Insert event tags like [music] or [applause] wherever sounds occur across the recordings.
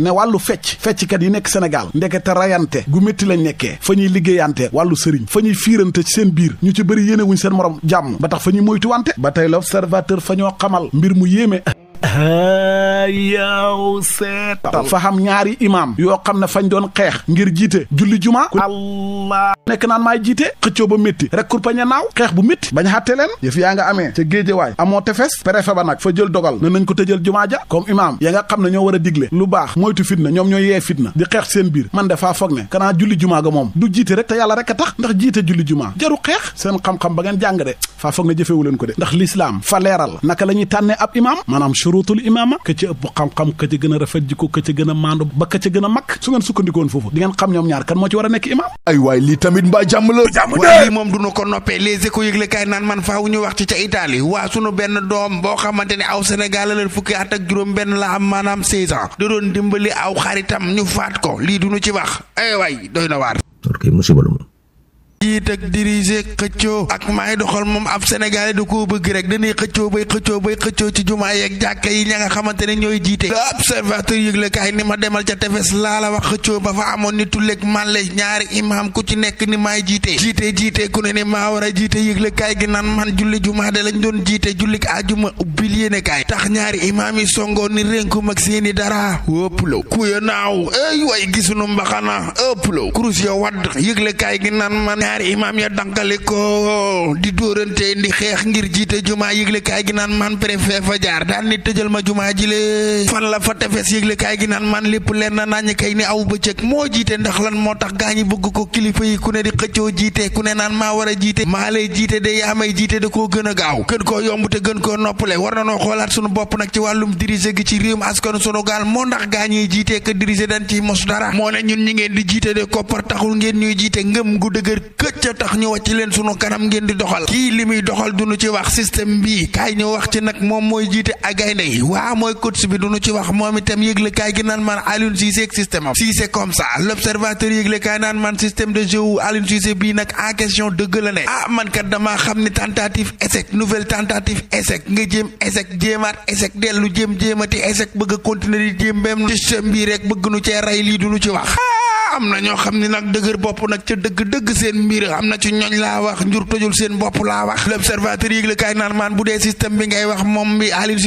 ne wàllu fecc fecckat yi nekk Sénégal ndekete rayante gu métti lañ nekkee fa ñuy liggéeyante wàllu sëriñ fa ñuy fiirante ci seen biir ñu ci bëri yéene wuñ seen morom jàmm ba tax fa ñuy moytuwante ba tey l'observateur fa ñoo xamal mbir mu yéeme yaw seetal fa xam ñaari imaam yoo xam ne fañ doon xeex ngir jiite julli juma allah nekk naan maay jiite xëccoo ba métti rek kurpaña naaw xeex bu métti bañ xàtte leen yëf yaa nga amee ca waay amoo tefes préfet ba nag fa jël dogal ne nañ ko tëjal jumaa ja comme imaam ya nga xam ne ñoo war a digle lu baax moytu fitna ñoom ñooy yee fitna di xeex seen biir man defaa foog ne kanaa julli jumaa ga moom du jiite rek te yàlla rek a tax ndax jiite julli jumaa jaru xeex seen xam-xam ba ngeen jàng de faa leen ko de ndax lislaam fa leeral naka la ñuy tànnee ab imaam maanaam wutul imaama ka ci ëpp xam-xam ka ci gën a rafet jikko ka ci gën a maandu ba ka ci gën a mag su ngeen sukkandikoon foofu di xam ñoom ñaar kan moo ci war a nekk imaam ay waay lii tamit mbaa jàmm la jàmm de lii moom duñu ko noppee les échos yëgle kaay naan man faaw ñu wax ci ca Italie waa sunu benn doom boo xamante ne aw Sénégal la fukki at ak juróom benn la am maanaam 16 ans da doon dimbali aw xaritam ñu faat ko lii duñu ci wax ay waay doy na waar jiit ak diriger xëccoo ak maay doxal moom ab sénégalais da koo bëgg rek dañuy xëccoo bay xëccoo bay xëccoo ci jumaa yeeg jàkka yi ña nga xamante ne ñooy jiite l'observateur yëglekaay ni ma demal ca tefes laa la wax xëccoo ba fa amoon ni tulleeg màlle ñaari imaam ku ci nekk ni maay jiite jiite jiite ku ne ni maa war a jiite yëglekaay gi naan man julli jumaa de lañ doon jiite jullik àjjuma ubbil yéenekaay tax ñaari imaam yi songoon ni rénkum ak seeni dara ëpp la ku ya naaw ay way gisunu mbaxana ëpp la kurus ya wadd yëglekaay gi naan man ñaari imaam ya dankale ko di dóorante di xeex ngir jiite jumaa yëglekaay gi naan man préfet fa jaar daal ni tëjal ma jumaa ji le fan la fa tefes yëglekaay gi naan man lépp leen na nañu kay ni aw bëccëg moo jiite ndax lan moo tax gaa ñi bëgg ko kilifa yi ku ne di xëccoo jiite ku ne naan maa war a jiite maa lay jiite de yaa may jiite da koo gën a gaaw kën koo yomb te gën koo noppale war na noo xoolaat sunu bopp nag ci wàllum diriger gi ci réewum askan sunu gaal moo ndax gaa ñiy jiite que diriger dañ ci mos dara moo ñun ñi ngeen di jiite de koppar ngeen ñuy jiite ngëm gu dëgër këcca tax ñu ci leen sunu kanam ngeen di doxal kii li muy doxal duñu ci wax système bii kaay ñu wax ci nag moom mooy jiite ak gaynde yi waa mooy coach bi duñu ci wax moom itam yëgle kaay gi naan man Aliou Cissé ak système am Cissé comme sa l'observateur yëgle kaay naan man système de jeu Aliou Cissé bii nag en question dëgg la ne ah man kat damaa xam ni tentative échec nouvelle tentative échec nga jéem échec jéemaat échec dellu jéem jéemati échec bëgg a continuer di bii rek bëgg nu cee rey lii duñu ci wax am na ñoo xam ni nag dëgër bopp nag ca dëgg-dëgg seen mbir am na ci ñooñ laa wax njur tojul seen bopp laa wax l'observateur yëgle kaay naan maan bu dee système bi ngay wax moom bi Aliou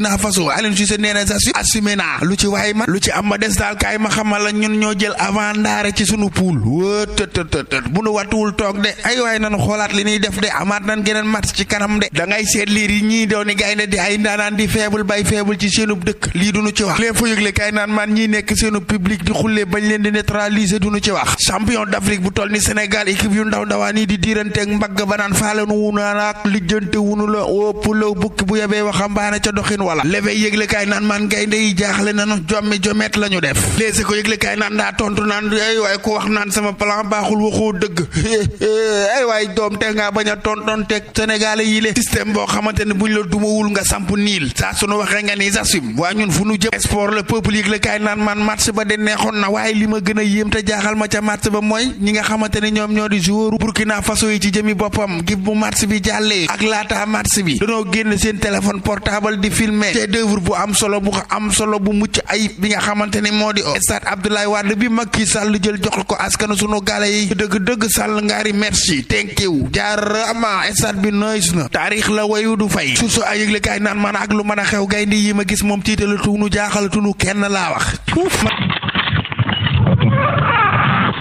na sa su assumé naa lu ci ma lu ci am ma des daal kaay ma xamal la ñun ñoo jël avant ndaare ci sunu poul wëtëtëtët bu nu wattuwul toog de ay waay nanu xoolaat li ñuy def de amaat nan geneen match ci kanam de da seet liir yi ñii doon gaynde di ay ndaanaan di faible bay faible ci seenub dëkk xullee bañ leen di neutraliser duñu ci wax champion d'Afrique bu toll ni Sénégal ba naan faale nu wunu ak la ëpp la bukki bu yebee waxambaane ca doxin wala levee yëglekaay naan man jaaxle nanu jommi jomet def léegi ko yëglekaay naan daa tontu naan ay waaye ku wax naan sama plan baaxul waxoo dëgg [laughs] ay waaye doom te ngaa bañ a tontoon teg Sénégalais yi le système boo xamante ne buñ la wul nga samp niil saa sunu waxee nga ni sasim waa ñun fu nu jëm sport le peuple yëglekaay naan man match ba de neex neexoon na waaye li ma gën a yéem te jaaxal ma ca match ba mooy ñi nga xamante ne ñoom ñoo di joueur Burkina Faso yi ci jëmi boppam gi bu match bi jàllee ak laata match bi danoo génn seen téléphone portable di filmer chef d'œuvre bu am solo bu am solo bu mucc ayib bi nga xamante ne moo di o stade Abdoulaye Wade bi mag Macky Sall jël jox ko askanu sunu gaale yi dëgg dëgg Sall ngaari merci thank you jaarama stade bi noyis na taarix la wayu du fay su su ay yëglekaay naan ak lu mën a xew gaynde yi ma gis moom tiitalu tuunu jaaxal tuunu kenn laa wax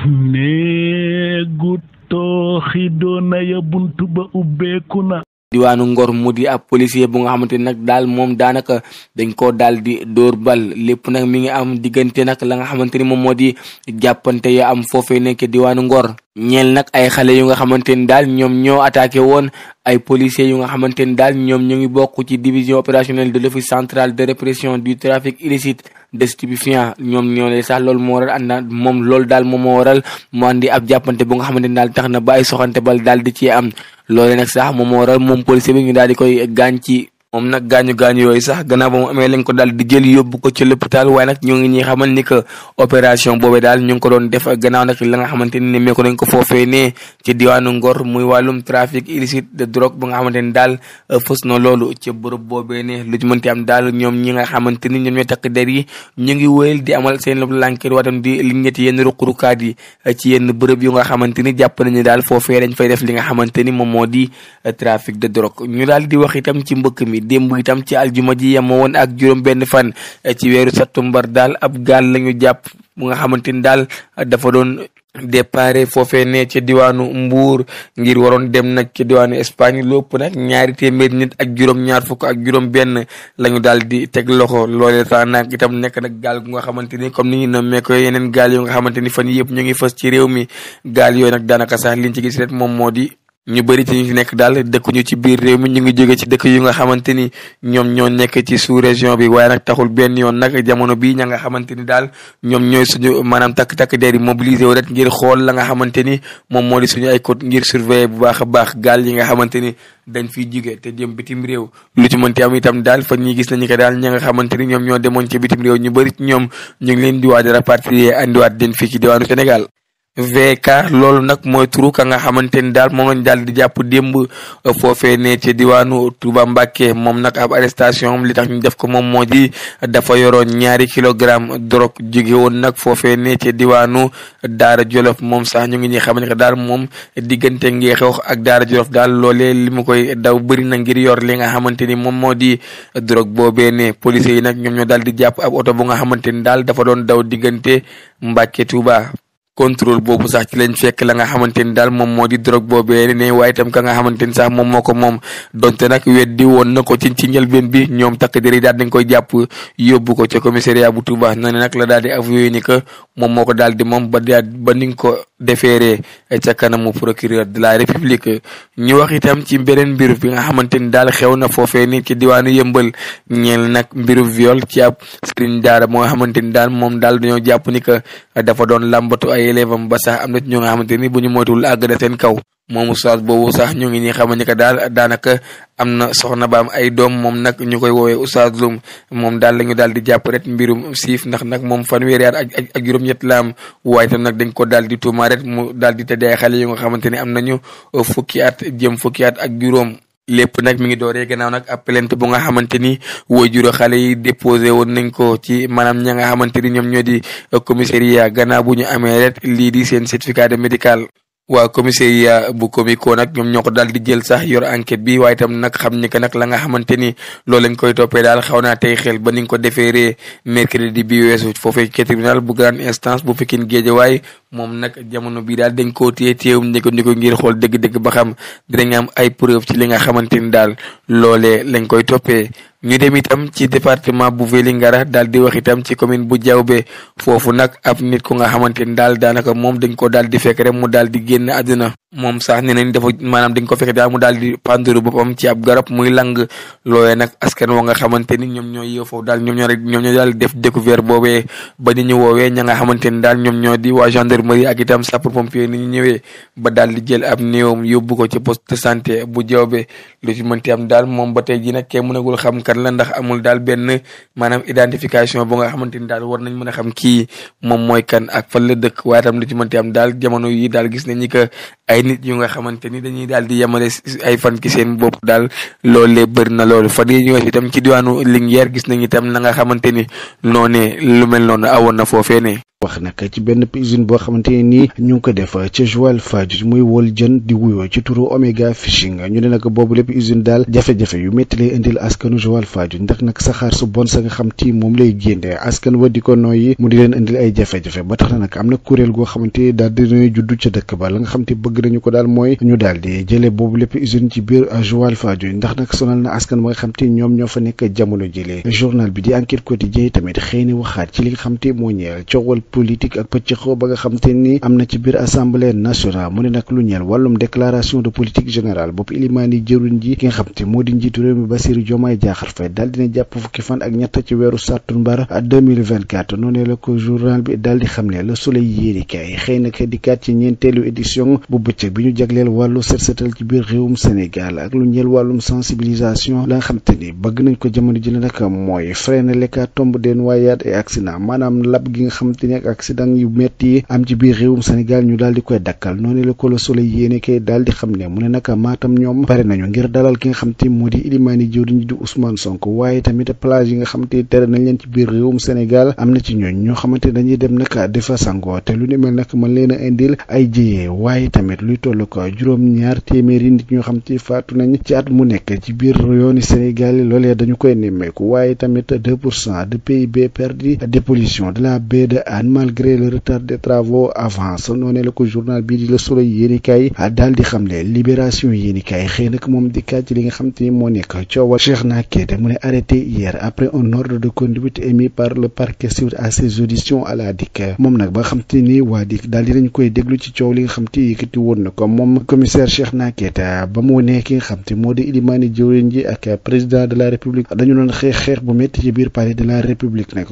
néegu tooxi doona ya bunt ba ubbeeku na diwaanu Ngor mu di ab policier bu nga xamante nag daal moom daanaka dañ koo daal di dóor bal lépp nag mi ngi am diggante nag la nga xamante ni moom moo di jàppante ya am foofee nekk diwaanu Ngor ñeel nag ay xale yu nga xamante ni daal ñoom ñoo attaqué woon ay policiers yu nga xamante ni daal ñoom ñu ngi bokk ci division opérationnelle de l'office central de répression du trafic illicite de stupéfiants ñoom ñoo ne sax loolu moo waral ànd na moom loolu daal moom waral mu andi ab jàppante bu nga xamante ni daal tax na ba ay soxante bal daal di ci am loole nag sax moom waral moom policier bi ñu daal di koy gaañ ci moom nag gaañu gaañu yooyu sax gannaaw ba mu amee lañ ko daal di jël yóbbu ko ci l'hôpital waaye nag ñoo ngi ñuy xamal ni ko doon def gannaaw nag la nga Ngor muy wàllum trafic illicite de drogue ba nga xamante ni daal euh, fës na loolu ci bërëb boobee ne lu ci mënti am daal ñoom ñi nga xamante ni ñoom ñooy takk der yi ñu ngi wéyal di amal seen loolu lànkeer waatam di li ñetti yenn ruqurukaat yi euh, ci yenn bërëb yu nga xamante ni jàpp nañu daal foofee dañ fay def li nga xamante ni moom moo di euh, trafic de drogue ñu daal di wax ci mbëkk démb itam ci aljuma ji yemoo woon ak juróom benn fan eh, ci weeru septembre daal ab gaal lañu jàpp mu nga xamante ni daal dafa doon dépare foofee ne ca diwaanu Mbuur ngir waroon dem nag ca diwaanu Espagne lépp nag ñaari téeméeri nit ak juróom-ñaar fukk ak juróom-benn la ñu daal di teg loxo loolee tax nag itam nekk na gaal gu nga xamante ni comme ni ñu nommee ko yeneen gaal yu nga xamante ni fan yëpp ñu ngi fës ci réew mi gaal yooyu nag daanaka sax liñ ci gis rek moom moo di. ñu bëri ci ñu fi nekk daal dëkkuñu ci biir réew mi ñu ngi jóge ci dëkk yu nga xamante ni ñoom ñoo nekk ci sous région bi waaye nag taxul benn yoon nag jamono bii ña nga xamante ni daal ñoom ñooy suñu maanaam takk-takk dee di mobiliser wu rek xool la nga xamante ni moom moo suñu ay côte ngir surveiller bu baax a baax gaal yi nga xamante ni dañ fiy jóge te jëm bitim réew lu ci mënti am itam daal fa ñuy gis nañu ko daal ña nga xamante ni ñoom ñoo demoon ci bitim réew ñu bëri ñoom ñu ngi leen di waaj a rapatrier andiwaat den fii ci diwaanu Sénégal VK loolu nag mooy turu ka nga xamante ni daal moom lañ daal di jàpp démb foofee ne ci diwaanu Touba Mbacké moom nag ab arrestation am li tax def ko moom moo di dafa yoroon ñaari kilogramme drogue jóge woon nag foofee ne diwaanu Daara Jolof moom sax ñu ngi ñuy xam ne daal moom diggante ngi xew ak Daara Jolof daal loolee li mu koy daw bëri na ngir yor li nga xamante ni moom moo di drogue boobee ne police yi nag ñoom ñoo daal di jàpp ab oto bu nga xamante ni daal dafa doon daw diggante Mbacké Touba. contrôle boobu sax ci lañ fekk la nga xamante ni daal moom moo di drogue boobee ne waaye itam ka nga xamante ni sax moom moo ko moom donte nag weddi woon na ko ci ci njëlbeen bi ñoom takk diri daal dañ koy jàpp yóbbu ko ca commissariat bu Touba noonu nag la daal di ni moom moo ko daal di moom ba daal ba ni nga ko defeeree ca kanamu procureur de la république ñu wax itam ci beneen mbir bi nga xamante ni daal xew na foofee ni ci diwaanu yëmbal ñeel nag mbiru viol ci ab sëriñ daara moo ni daal moom daal dañoo jàpp ni a dafa doon làmbatu ay ay élève am ba sax am na ci ñoo nga xamante ni bu ñu moytuwul àgg da seen kaw moom oustaz boobu sax ñu ngi ñi xaman ni daal daanaka am na soxna baam ay doom moom nag ñu koy woowee oustaz Loum moom daal la ñu daal di jàpp rek mbirum siif ndax nag moom fanweeri at ak ak juróom-ñett la am waaye tam nag dañ ko daal di tuuma rek mu daal di tëddee xale yu nga xamante ni am nañu fukki at jëm fukki at ak juróom lépp nag mi ngi dooree gannaaw nag ab plainte bu nga xamante ni waajuru xale yi déposé woon nañ ko ci maanaam ña nga xamante ni ñoom ñoo di commissariat gannaaw bu ñu amee lii di seen certificat de médical waa commissariat bu Comico nag ñoom ñoo ko daal di jël sax yor enquête bi waaye itam nag xam ni que nag la nga xamante ni loolu lañ koy toppee daal xaw naa tey xel ba ni nga ko déféré mercredi bi weesu foofee ci tribunal bu grande instance bu Pikine Guédiawaye moom nag jamono bi daal dañ koo téye téewum ndiko ko ngir xool dëgg-dëgg ba xam dinañ am ay preuve ci li nga xamante ni daal loole lañ koy toppee ñu dem itam ci département bu ngara daal di wax itam ci commune bu Diaobé foofu nag ab nit ku nga xamante ni daal daanaka moom dañ ko daal di fekk rek mu daal di génn àdduna moom sax ne nañ dafa maanaam dañ ko fexe daal mu daal di penduru boppam ci ab garab muy lang looyee nag askan wa nga xamante ni ñoom ñooy yow foofu daal ñoom ñoo rek ñoom ñoo daal def découvert boobee ba ni ñu woowee ña nga xamante ni daal ñoom ñoo di waa gendarmerie ak itam sapeur pompier ni ñu ñëwee ba daal di jël ab néewam yóbbu ko ci poste de santé bu jawbe lu ci mënti am daal moom ba tey jii nag kenn mënagul xam kan la ndax amul daal benn maanaam identification bu nga xamante ni daal war nañ mën a xam kii moom mooy kan ak fan la dëkk waaye itam lu ci mënti am daal jamono yi daal gis nañ ni que ay nit yu nga xamante ni dañuy daal di yemale ay fan ki seen bopp daal loolee bëri na loolu fan yi ñëwee itam ci diwaanu Linguère gis nañ itam na nga xamante ni noonee lu mel noonu awoon na foofee ne wax nag ci benn usine boo xamante ne nii ñu ngi ko def ca Joal Fadiouth muy wol jën di wuyoo ci turu Omega Fishing ñu ne nag boobu lépp usine daal jafe-jafe yu métti lay indil askanu Joal Fadiouth ndax nag saxaar su bon sa nga xam ti moom lay génne askan wa di ko nooyi mu di leen indil ay jafe-jafe ba tax na nag am na kuréel goo xamante ni daal dinañu juddu ca dëkk ba la nga xam te bëgg nañu ko daal mooy ñu daal di jëlee boobu lépp usine ci biir Joal Fadiouth ndax nag sonal na askan ba nga te ñoom ñoo fa nekk jamono jëlee journal bi di enquête quotidien tamit xëy na waxaat ci li nga xam te moo ñeel coowal politique ak pëccëxoo ba nga xam am na ci biir assemblée nationale mu ne nag lu ñeel wàllum déclaration de politique générale boobu ilimaani jëruñ ji nga xam moo di njiitu réew mi Bassirou Diomaye Diakhar Faye daal dina jàpp fukki fan ak ñett ci weeru sàttumbar 2024 noonee ko journal bi daal xam ne Le Soleil yéenekaay xëy na ka dikkaat ci ñeenteelu édition bu bëccëg bi ñu jagleel wàllu set setal ci biir réewum Sénégal ak lu ñeel wàllum sensibilisation yeeg accident yu métti yi am ci biir réewum Sénégal ñu daal di koy dakkal noonu la ko Le Soleil yéene kay daal di xam ne mu ne naka maatam ñoom pare nañu ngir dalal ki nga xam te moo di ilimaani jëwriñ di Ousmane Sonko waaye tamit plage yi nga xam te tere nañ leen ci biir réewum Sénégal am na ci ñooñ ñoo xamante dañuy dem nag defa sangoo te lu ne mel nag mën leen a indil ay jiyee waaye tamit luy toll ko juróom-ñaar téeméeri nit ñoo xam te faatu nañ ci at mu nekk ci biir yooni yi loolee dañu koy nemmeeku waaye tamit deux pour cent de PIB perdu dépollution de la baie malgré le retard des travaux avance noonee la ko journal bii di Le Soleil yéenikaay daal di xamle libération yéenikaay xëy nag moom di kàcc li nga xam te ni moo nekk coowal Cheikh Nakete mu ne arrêté hier après un ordre de conduite émis par le parquet suite à ses auditions à la DIC moom nag ba xam te ni waa DIC daal dinañ koy déglu ci coow li nga xam te yëkkati woon na ko moom commissaire Cheikh Nakete ba moo nekk ki nga xam te moo di ilimaani jëwriñ ji ak président de la république dañu doon xeex xeex bu métti ci biir palais de la république nag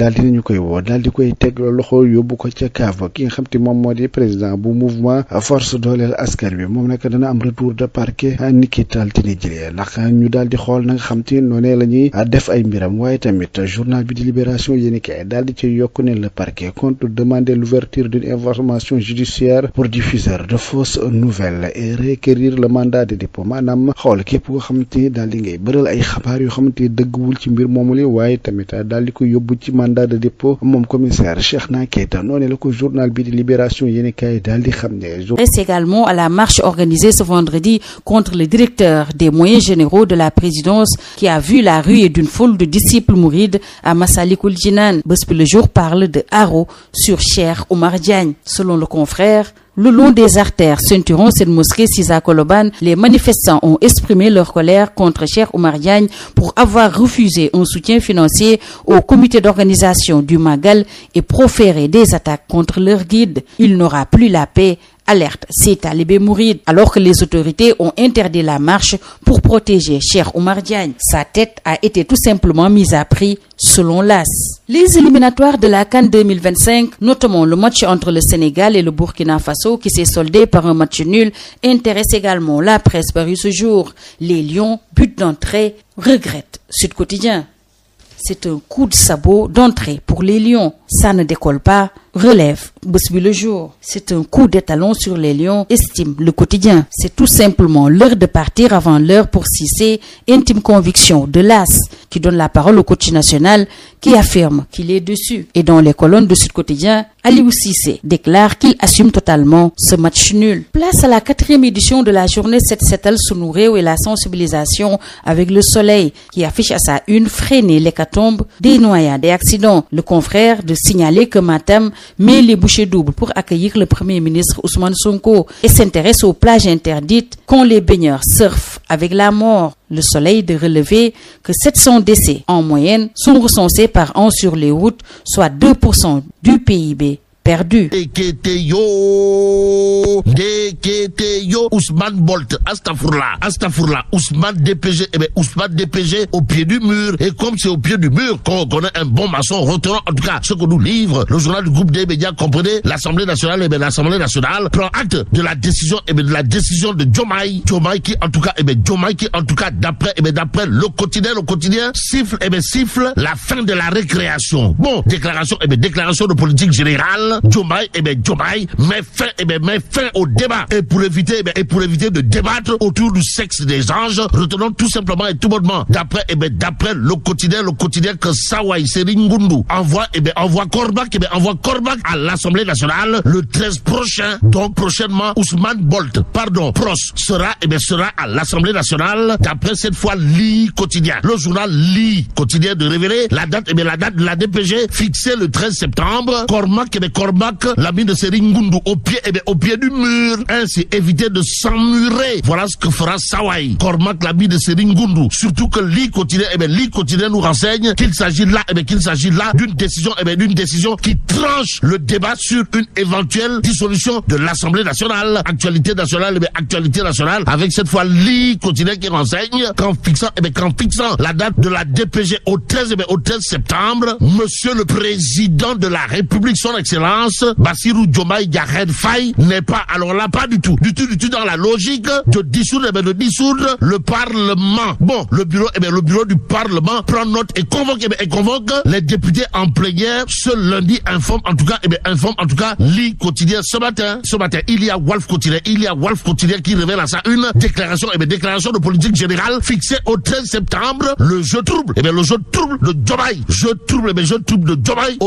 daal dinañu koy woo daal di koy teg loxo yóbbu ko ca kaaf ki nga xam te moom moo di président bu mouvement force dooleel askan wi moom nag dana am retour de parquet ni ki altine jëlee ndax ñu daal di xool na nga xam te noonee la ñuy def ay mbiram waaye tamit journal bi di libération yéeni kaay daal di ci yokk ne le parquet compte demander l'ouverture d'une information judiciaire pour diffuseur de fausses nouvelles et requérir le mandat de dépôt maanaam xool képp koo xam te daal di ngay bëral ay xabaar yoo xam te dëgguwul ci mbir moomu li waaye tamit daal di ko yóbbu ci man mandat de dépôt moom commissaire Cheikhna Keita noonee la ko journal bi di Libération yéenekaay daal di xam ne. reste également à la marche organisée ce vendredi contre le directeur des moyens généraux de la présidence qui a vu la ruée d'une foule de disciples mourides à Massalikul Jinaan Bës Jour parle de haro sur Cheikh Oumar Diagne selon le confrère. le long des artères ceinturant cette mosquée Sisa Koloban, les manifestants ont exprimé leur colère contre Cheikh Oumar Diagne pour avoir refusé un soutien financier au comité d'organisation du Magal et proféré des attaques contre leur guide. Il n'aura plus la paix alerte ces talibés mourides alors que les autorités ont interdit la marche pour protéger Cheikh Oumar Diagne. Sa tête a été tout simplement mise à prix selon l'AS. Les éliminatoires de la CAN 2025, notamment le match entre le Sénégal et le Burkina Faso qui s'est soldé par un match nul, intéresse également la presse parue ce jour. Les Lions, but d'entrée, regrettent Sud Quotidien. C'est un coup de sabot d'entrée pour les Lions. Ça ne décolle pas. relève Bosby le jour. C'est un coup d'étalon sur les lions, estime le quotidien. C'est tout simplement l'heure de partir avant l'heure pour Cissé, intime conviction de l'AS qui donne la parole au coach national qui affirme qu'il est dessus. Et dans les colonnes de Sud Quotidien, Aliou Cissé déclare qu'il assume totalement ce match nul. Place à la quatrième édition de la journée 7 7 sous et la sensibilisation avec le soleil qui affiche Le confrère de signaler met les bouchées doubles pour accueillir le Premier ministre Ousmane Sonko et s'intéresse aux plages interdites quand les baigneurs surfent avec la mort. Le Soleil de relever que 700 décès en moyenne sont recensés par an sur les routes, soit 2% du PIB. perdu. ndekete yo ndekete yo Ousmane Bolt astafurla astafurla Ousmane DPG eh bien Ousmane DPG au pied du mur et comme c'est au pied du mur qu'on connaît un bon maçon retenons en tout cas ce que nous livre le journal du groupe des médias comprenez l'Assemblée nationale eh l'Assemblée nationale prend acte de la décision eh bien de la décision qui en tout cas eh en tout cas d'après eh bien d'après le quotidien le quotidien siffle eh siffle la fin de la récréation bon déclaration eh bien déclaration de Sall, Diomaye, eh bien Diomaye met fin, eh bien au débat. Eh et pour éviter, de débattre autour du sexe des anges, retenons tout simplement et tout bonnement, d'après, eh le quotidien, le quotidien que Sawai Seringundu envoie, eh bien, envoie Korbak, eh à l'Assemblée nationale le prochain, donc prochainement, Ousmane Bolt, Pros, sera, eh sera à l'Assemblée nationale, d'après cette fois, Li quotidien. Le journal Li quotidien de révéler la date, eh la DPG fixée le septembre. Cormac, eh bien, Korbak, l'ami de Sering Ngundu, au pied, et eh au pied du mur. Ainsi, éviter de s'emmurer. Voilà ce que fera Sawai. Cormac, l'ami de Sering Ngundu. Surtout que l'île quotidien, et eh bien, l'île quotidien nous renseigne qu'il s'agit là, et eh qu'il s'agit là d'une décision, et eh qui tranche le débat sur une éventuelle dissolution de l'Assemblée nationale. Actualité nationale, et eh bien, actualité nationale, avec cette fois l'île quotidien qui renseigne qu'en fixant, la date de la DPG au et au septembre, monsieur France, Bassirou Diomaye Diakhed n'est pas, alors là, pas du tout, du tout, dans la logique de dissoudre, eh bien, de dissoudre le Parlement. Bon, le bureau, eh le bureau du Parlement prend note et convoque, eh et convoque les députés en plénière ce lundi, informe en tout cas, eh bien, ce matin. il y a Wolf quotidien, il y a Wolf quotidien qui révèle à ça une déclaration, eh de politique générale fixée au septembre, le jeu trouble, eh le jeu trouble de Diomaye, jeu trouble, eh de Diomaye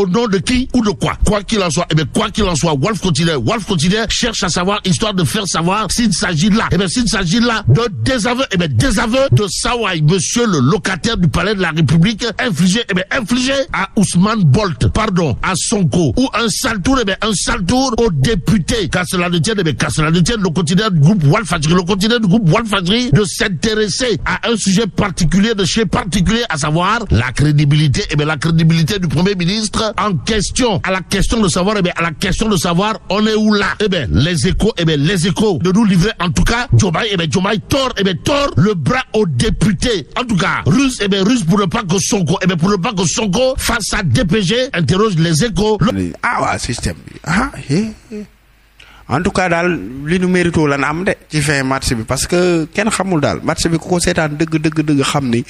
soit, eh bien, quoi qu'il en soit, Wolf Quotidien, Wolf Quotidien cherche à savoir, histoire de faire savoir s'il s'agit là, eh bien, s'il s'agit là de désaveu, eh bien, désaveu de Sawai, monsieur le locataire du palais de la République, infligé, eh bien, infligé à Ousmane Bolt, pardon, à Sonko, ou un sale tour, eh bien, un sale tour au député, car cela ne tienne, eh bien, car cela ne tienne le quotidien du groupe Walfadri, le quotidien du groupe Walfadri de s'intéresser à un sujet particulier de chez particulier, à savoir la crédibilité, eh bien, la crédibilité du premier ministre en question, à la question de savoir savoir, eh bien, à la question de savoir, on est où là Eh les échos, eh les échos de nous livrer, en tout cas, Jomai, eh bien, Jomai tord, eh le bras aux députés. En tout cas, russe, eh, eh bien, pour ne pas que Sonko, eh face à DPG, interroge les échos. Le... Ah système. Ah, yeah, en tout cas daal li nu mérito la am de ci fin match bi parce que kenn xamul daal match bi ku ko seetaan dëgg xam ni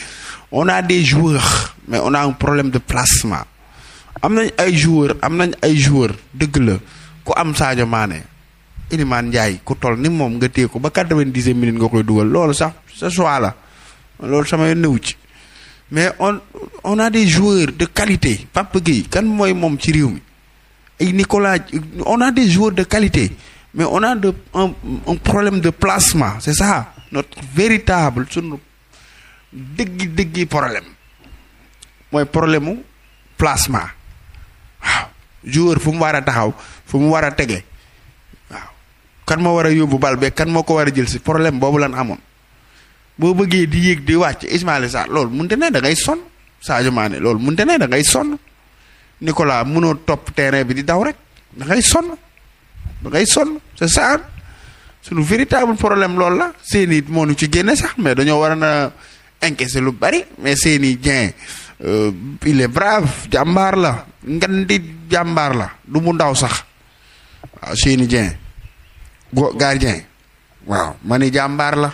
on a des joueurs mais on a un problème de placement am nañ ay joueur am nañ ay joueur dëgg la ku am Sadio Mané Iliman Ndiaye ku toll ni moom nga téye ko ba quatre-vingt-dixième minute nga koy dugal loolu sax sa choix la loolu sama yoon ci mais on on a des joueurs de qualité Pape Gueye kan mooy moom ci réew mi ay Nicolas on a des joueurs de qualité mais on a de un, problème de placement c'est ça notre véritable sunu dëggi dëggi problème mooy problème mu placement joueur fu mu war a taxaw fu mu war a tege waaw kan moo war a yóbbu bal be kan moo ko war a jël si problème boobu lan amoon boo bëggee di yéeg di wàcc Ismaïla Sarr lool mënut ne da ngay sonn Sadio Mané loolu mënut ne da ngay sonn Nicolas mënoo topp terrain bi di daw rek da ngay sonn sa ngay sonn c'est ça suñu véritable problème loolu la seeni moo ñu ci génne sax mais dañoo war a na encaisser lu bari mais seeni i Euh, il est brave jàmbaar la ngan di jàmbaar la du mu ndaw sax waaw ah, Seyni Dieng go gardien waaw ma ni jàmbaar la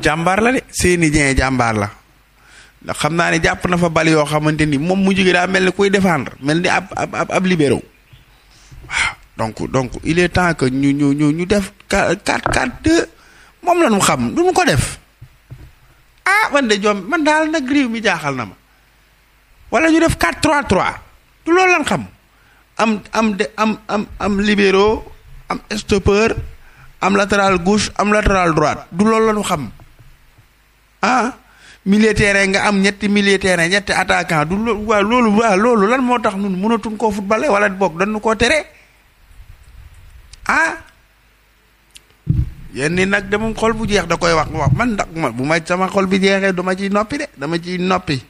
jàmbaar la de Seyni Dieng jàmbaar la ndax xam naa ne jàpp na fa bal yoo xamante ni moom mu jóge daa mel ni kuy défendre mel ni ab ab ab libéro waaw donc donc il est temps que ñu ñu ñu ñu def 4 4 2 moom la ñu xam du ñu ko def. ah man de jom man daal nag réew mi jaaxal na ma wala ñu def 4-3-3 du loolu lan xam am am de am am am libéraux am stoppeur am latéral gauche am latéral droite du lool la xam ah milieu nga am ñetti milieu terrain ñetti attaquant du loolu waa loolu lan moo tax ñun mënatuñ koo footballé wala boog dañu koo tere ah, yenn ni nag de moom xol bu jeex da koy wax wax man ndax ma bu ma sama xol bi jeexee dama ciy noppi de dama ciy noppi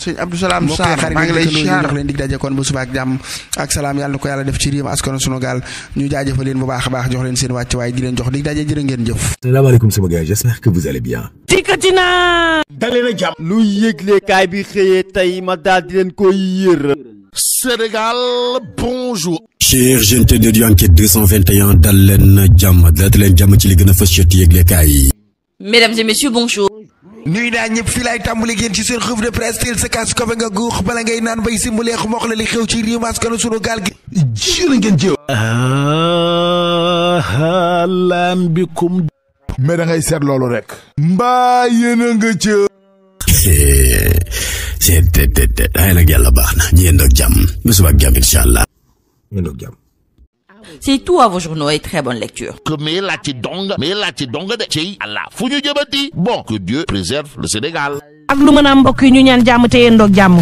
sëñ Abdou Salaam Sarr maa ngi lay siyaar jox leen dig daje kon bu subaa ak jàmm ak salaam yàlla na ko yàlla def ci riim askanu sunu gaal ñu jaajëfal leen bu baax baax jox leen seen wàcc waaye di leen jox dig daje jërë ngeen jëf. salaamaaleykum sama gars j'espère que vous allez bien. dikkati naa. dalee na jàmm. lu yëglekaay bi xëyee tey ma daal di leen koy yër. Sénégal dal leen jàmm dal leen jàmm ci li gën a fës ci yëglekaay yi. mesdames et messieurs bonjour. nuy naa ñëpp fi laay tàmbali génn ci seen revue de presse teel sa kaas kofe nga guux bala ngay naan bay si mu leex moox la li xew ci réew mi sunu gaal gi jërë ngeen jëw ah, ah, laan bikum mais da ngay seet loolu rek mbaa yéen a nga ca eh, seet te te te ay nag yàlla baax na ñu yendoog jàmm bu subaak jàmm incha allah jàmm C'est tout à vos journaux très bonne lecture. Que mais la tidong, mais la tidong de Tchei Allah. Founou Djabati. Bon, que Dieu préserve le Sénégal. ak lu man a am mbokk ñu ñaan jàmm te yéen doog jàmm.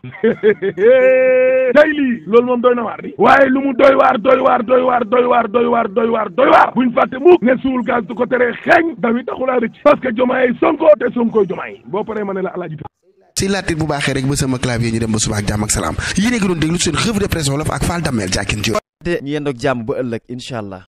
[laughs] tey lii loolu moom doy na waar di waaye lu mu doy waar doy waar doy waar doy waar doy waar doy waar doy waar buñ fàtte mukk ne suul gaz du ko teree xeeñ dawi taxulaa rëcc parce que jomaay sonko te sonkoy jomaay boo paree ma ne la alaaji si laatit bu baaxee rek ba sama clavier ñu dem de ñu yendoog jàmm ba ëllëg incha allah